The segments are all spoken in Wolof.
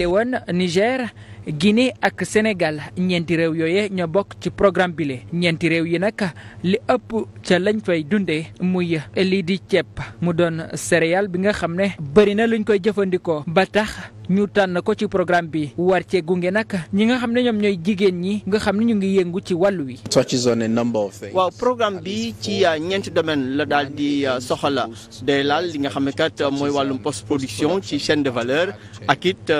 fàttali woon Niger Guinée ak Sénégal ñeenti réew yooye ñoo bokk ci programme bile ñeenti réew yi nag li ëpp ca lañ fay dundee muy lii di ceeb mu doon céréale bi nga xam ne bëri na luñ koy jëfandikoo ba tax ñu tànn ko ci programme bi war cee gunge nag ñi nga xam ne ñoom ñooy jigéen ñi nga xam ne ñu ngi yëngu ci wàll wi. waaw programme bi ci uh, ñeenti domaine la daal di uh, soxala day laal li nga xam ne kat uh, mooy wàllum post production ci chaîne de valeur ak it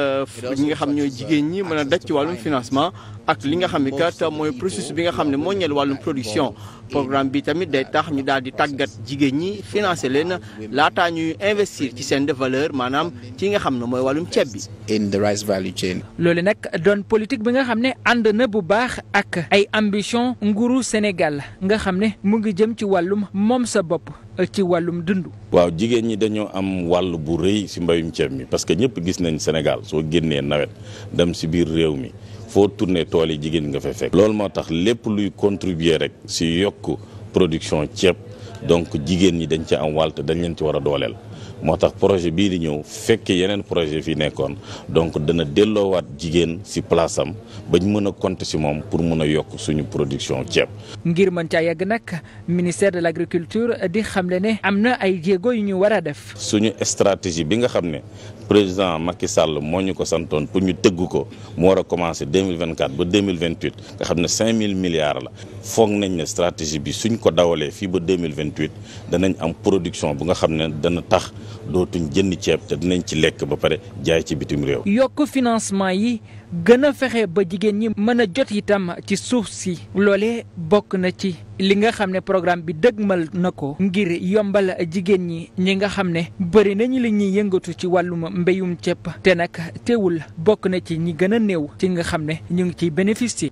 ñi nga xam ñooy jigéen ñi mën a daj ci wàllum financement ak li nga xam ne kat mooy processus bi nga xam ne moo ñeel wàllum production programme bi tamit day tax ñu daal di tàggat jigéen ñi financé leen laataa ñuy investir ci chaîne de valeur maanaam ci nga xam ne mooy wàllum ceeb bi. in the rice value loolu nag doon politique bi nga xam ne ànd na bu baax ak ay ambition nguuru Sénégal nga xam ne mu ngi jëm ci wàllum moom sa bopp ci wàllum dund. waaw jigéen ñi dañoo am wàll bu rëy si mbayum ceeb mi parce que ñëpp gis nañ Sénégal soo génnee nawet dem si biir réew mi foo tourné tool yi jigéen nga fay fekk. loolu moo tax lépp luy contribuer rek si yokk production ceeb. donc jigéen ñi dañ ci am wàll dañ leen ci war a dooleel moo tax projet bii di ñëw fekke yeneen projet fii nekkoon donc dana delloowaat jigéen si place am bañ mën a compter moom pour mën a yokk suñu production ceeb. ngir mën caa yegg nag ministère de l' agriculture di xamle ne am na ay jéego yu ñu war a def. suñu stratégie bi nga xam ne président Macky Sall moo ñu ko santoon pour ñu tëgg ko mu war a commencé deux ba nga xam ne cinq mille milliards la foog nañ ne stratégie bi suñ ko dawalee fii ba deux mille vingt 2028 danañ am production bu nga xam ne dana tax dootuñ jënd ceeb te dinañ ci lekk ba pare jaay ci bitim réew. yokk financement yi gën a fexe ba jigéen ñi mën a jot itam ci suuf si loolee bokk na ci li nga xam ne programme bi dëgmal na ko ngir yombal jigéen ñi ñi nga xam ne bëri nañu li ñuy yëngatu ci wàllum mbéyum ceeb te nag teewul bokk na ci ñi gën a néew ci nga xam ne ñu ngi ciy bénéficier.